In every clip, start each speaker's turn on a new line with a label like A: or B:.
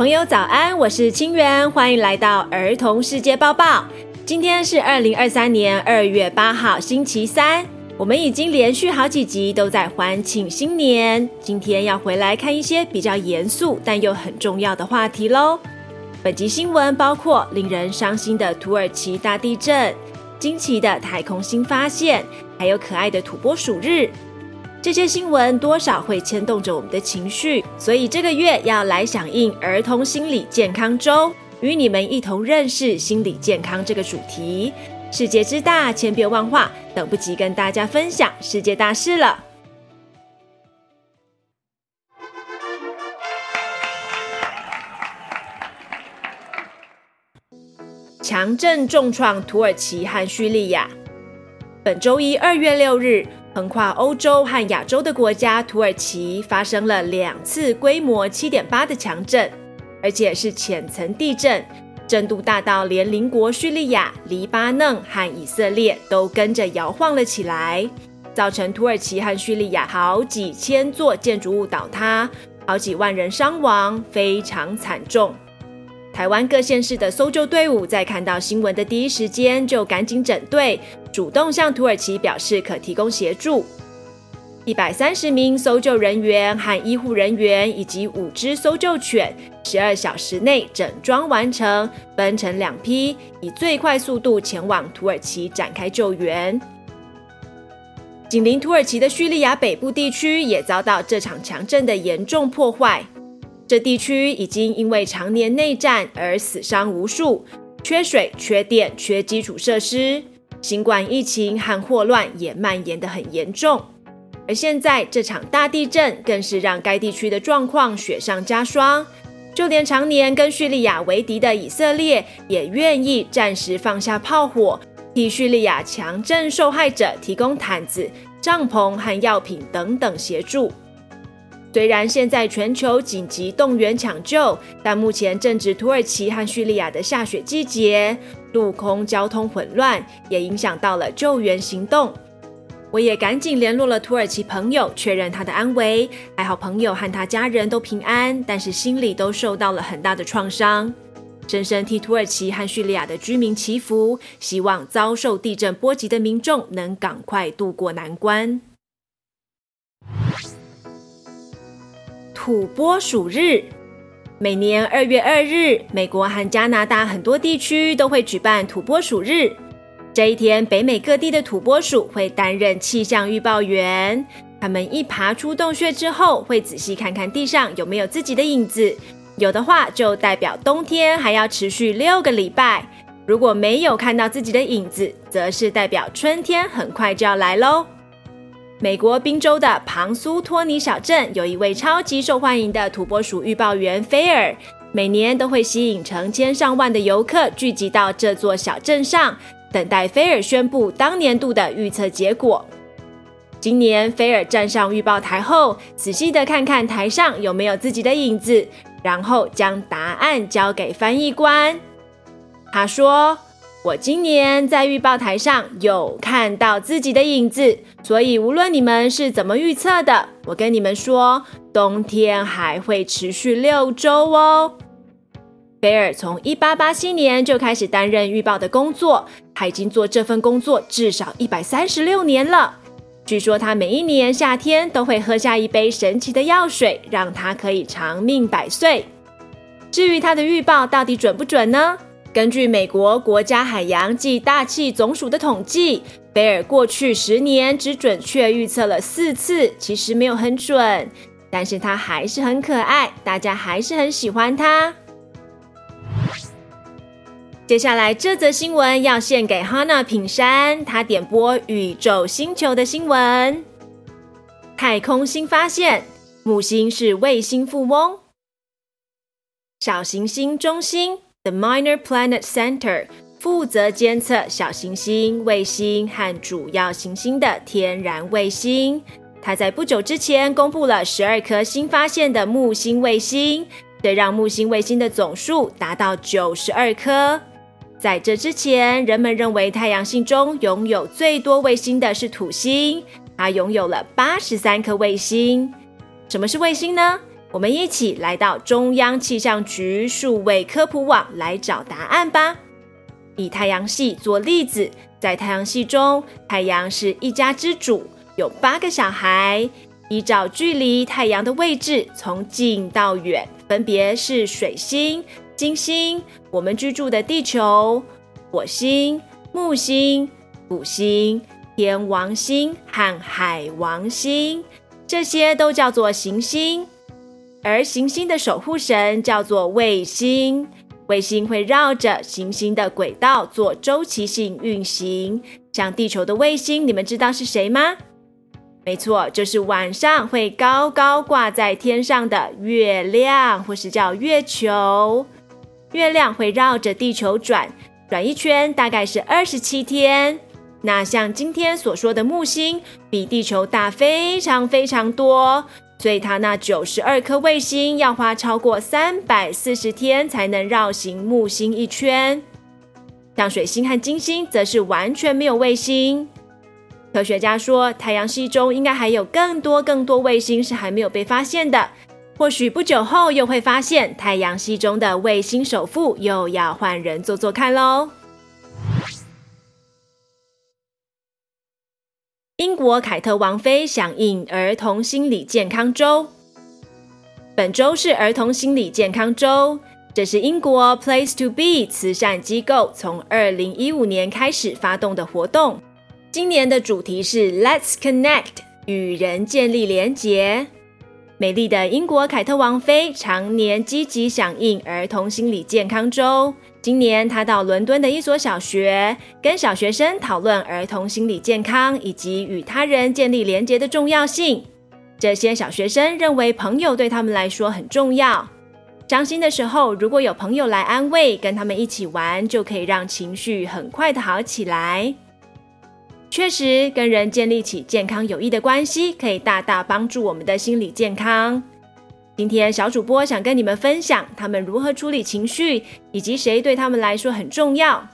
A: 朋友早安，我是清源，歡迎來到兒童世界報報。今天是二零二三年二月八號星期三，我們已經連續好幾集都在歡慶新年，今天要回來看一些比較嚴肅但又很重要的話題嘍。本集新聞包括令人傷心的土耳其大地震、驚奇的太空新發現，還有可愛的土撥鼠日。這些新聞多少會牽動着我們的情緒，所以這個月要來響應兒童心理健康周，與你們一同認識心理健康這個主題。世界之大，千變萬化，等不及跟大家分享世界大事了。強震重創土耳其和敘利亞，本周一，二月六日。橫跨歐洲和亞洲的國家土耳其發生了兩次規模7.8的強震，而且是淺層地震，震度大到連鄰國敘利亞、黎巴嫩和以色列都跟着搖晃了起來，造成土耳其和敘利亞好幾千座建築物倒塌，好幾萬人傷亡，非常慘重。台灣各縣市的搜救隊伍在看到新聞的第一時間就趕緊整隊。主動向土耳其表示可提供協助。一百三十名搜救人員和醫護人員，以及五隻搜救犬，十二小時內整裝完成，分成兩批，以最快速度前往土耳其展開救援。緊鄰土耳其的敘利亞北部地區也遭到這場強震的嚴重破壞。這地區已經因為常年內戰而死傷無數，缺水、缺電、缺基礎設施。新冠疫情和霍亂也蔓延得很嚴重，而現在這場大地震更是讓該地區的狀況雪上加霜。就連常年跟敘利亞為敵的以色列，也願意暫時放下炮火，替敘利亞強震受害者提供毯子、帳篷和藥品等等協助。雖然現在全球緊急動員搶救，但目前正值土耳其和敘利亞的下雪季節，陸空交通混亂，也影響到了救援行動。我也趕緊聯絡了土耳其朋友，確認他的安危。還好朋友和他家人都平安，但是心裡都受到了很大的創傷。深深替土耳其和敘利亞的居民祈福，希望遭受地震波及的民眾能趕快渡過難關。土撥鼠日，每年二月二日，美國和加拿大很多地區都會舉辦土撥鼠日。這一天，北美各地的土撥鼠會擔任氣象預報員。他們一爬出洞穴之後，會仔細看看地上有沒有自己的影子。有的話，就代表冬天還要持續六個禮拜；如果沒有看到自己的影子，則是代表春天很快就要來嘍。美國賓州的龐蘇托尼小鎮有一位超級受歡迎的土撥鼠預報員菲爾，每年都會吸引成千上萬的遊客聚集到這座小鎮上，等待菲爾宣布當年度的預測結果。今年，菲爾站上預報台後，仔細的看看台上有沒有自己的影子，然後將答案交給翻譯官。他說：我今年在預報台上有看到自己的影子，所以無論你們是怎麼預測的，我跟你們說，冬天還會持續六周哦。菲爾從一八八七年就開始擔任預報的工作，他已經做這份工作至少一百三十六年了。據說他每一年夏天都會喝下一杯神奇的藥水，讓他可以長命百歲。至於他的預報到底準不準呢？根據美國國家海洋暨大氣總署的統計，菲爾過去十年只準確預測了四次，其實沒有很準，但是他還是很可愛，大家還是很喜歡他。接下來這則新聞要獻給 Hana 品山，他點播宇宙星球的新聞：太空新發現，木星是衛星富翁，小行星中心。The Minor Planet Center 負責監測小行星、衛星和主要行星的天然衛星。它在不久之前公布了十二顆新發現的木星衛星，這讓木星衛星的總數達到九十二顆。在這之前，人們認為太陽系中擁有最多衛星的是土星，它擁有了八十三顆衛星。什麼是衛星呢？我們一起來到中央氣象局數位科普網來找答案吧。以太陽系做例子，在太陽系中，太陽是一家之主，有八個小孩。依照距離太陽的位置，從近到遠，分別是水星、金星、我們居住的地球、火星、木星、土星、天王星和海王星。這些都叫做行星。而行星的守護神叫做衛星，衛星會繞着行星的軌道做週期性運行。像地球的衛星，你們知道是誰嗎？沒錯，就是晚上會高高掛在天上的月亮，或是叫月球。月亮會繞着地球轉，轉一圈大概是二十七天。那像今天所說的木星，比地球大非常非常多。所以它那九十二顆衛星要花超過三百四十天才能繞行木星一圈，像水星和金星則是完全沒有衛星。科學家說，太陽系中應該還有更多更多衛星是還沒有被發現的，或許不久後又會發現太陽系中的衛星首富又要換人做做看嘍。英國凱特王妃響應兒童心理健康周。本周是兒童心理健康周，這是英國 Place to Be 慈善機構從二零一五年開始發動的活動。今年的主題是 Let's Connect，與人建立連結。美麗的英國凱特王妃常年積極響應兒童心理健康周。今年，他到倫敦的一所小學，跟小學生討論兒童心理健康以及與他人建立連結的重要性。這些小學生認為，朋友對他們來說很重要。傷心的時候，如果有朋友來安慰，跟他們一起玩，就可以讓情緒很快的好起來。確實，跟人建立起健康有益的關係，可以大大幫助我們的心理健康。今天小主播想跟你們分享他們如何處理情緒，以及誰對他們來說很重要。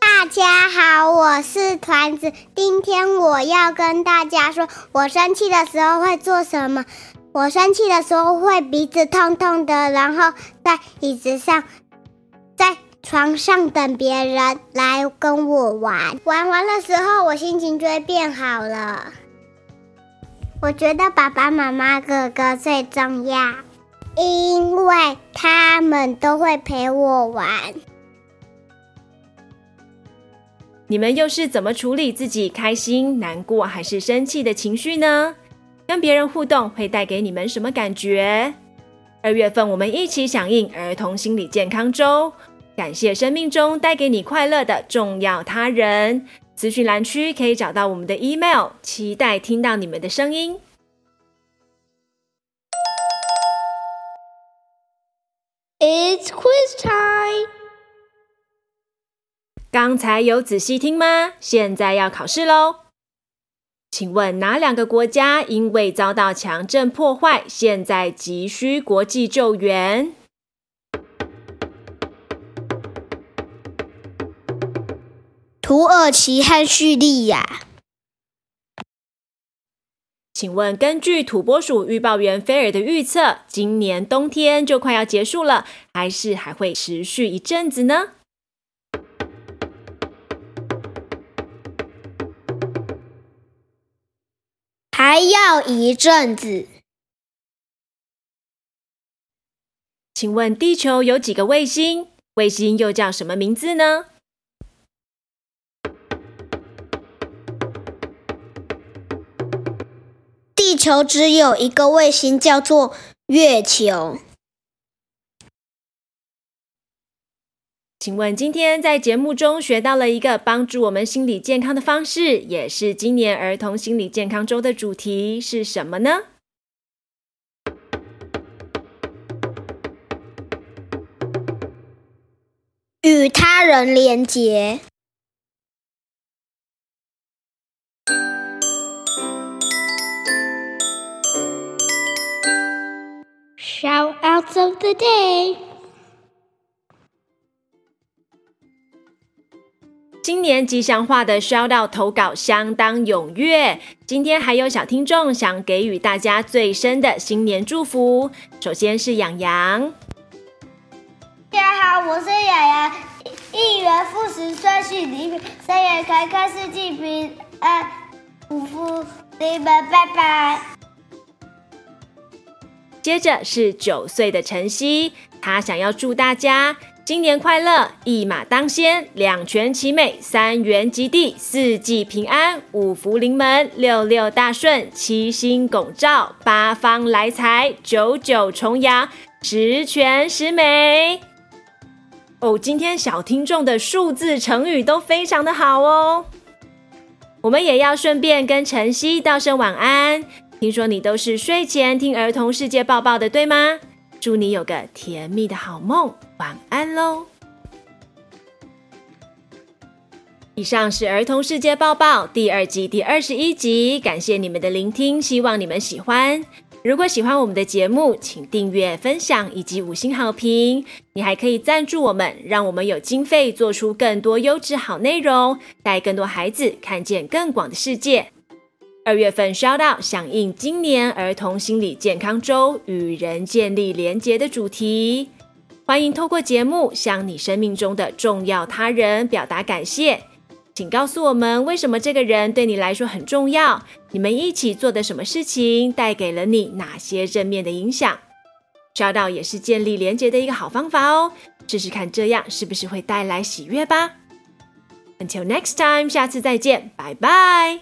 A: 大家好，我是團子。今天我要跟大家說，我生氣的時候會做什麼？我生氣的時候會鼻子痛痛的，然後在椅子上，在床上等別人來跟我玩。玩完的時候，我心情就會變好了。我覺得爸爸媽媽、哥哥最重要，因為他們都會陪我玩。你們又是怎麼處理自己開心、難過還是生氣的情緒呢？跟別人互動會帶給你們什麼感覺？二月份我們一起響應兒童心理健康周，感謝生命中帶給你快樂的重要他人。資訊欄區可以找到我們的 email，期待聽到你們的聲音。It's quiz time！剛才有仔細聽嗎？現在要考試嘍！請問哪兩個國家因為遭到強震破壞，現在急需國際救援？土耳其和敘利亞。請問根據土撥鼠預報員菲爾的預測，今年冬天就快要結束了，還是還會持續一陣子呢？還要一陣子。請問地球有幾個衛星？衛星又叫什麼名字呢？地球只有一個衛星，叫做月球。請問今天在節目中學到了一個幫助我們心理健康的方式，也是今年兒童心理健康周的主題是什麼呢？與他人連結。新年吉祥話的 shout out 投稿相當踴躍，今天還有小聽眾想給予大家最深的新年祝福。首先是洋洋。大家好，我是洋洋。一,一元復始，歲序臨平，三元開開，四季平安，祝福你們，拜拜。接着是九歲的晨曦，他想要祝大家今年快樂，一馬當先，兩全其美，三元及第，四季平安，五福臨門，六六大順，七星拱照，八方來財，九九重陽，十全十美。哦，今天小聽眾的數字成語都非常的好哦，我們也要順便跟晨曦道聲晚安。聽說你都是睡前聽《兒童世界報報》的，對嗎？祝你有個甜蜜的好夢，晚安嘍！以上是《兒童世界報報》第二季第二十一集，感謝你們的聆聽，希望你們喜歡。如果喜歡我們的節目，請訂閱、分享以及五星好評。你還可以贊助我們，讓我們有經費做出更多優質好內容，帶更多孩子看見更廣的世界。二月份 Shout out，響應今年兒童心理健康周與人建立連結的主題，歡迎透過節目向你生命中的重要他人表達感謝。請告訴我們為什麼這個人對你來說很重要，你們一起做的什麼事情帶給了你哪些正面的影響？Shout out 也是建立連結的一個好方法哦，試試看這樣是不是會帶來喜悅吧。Until next time，下次再見，拜拜。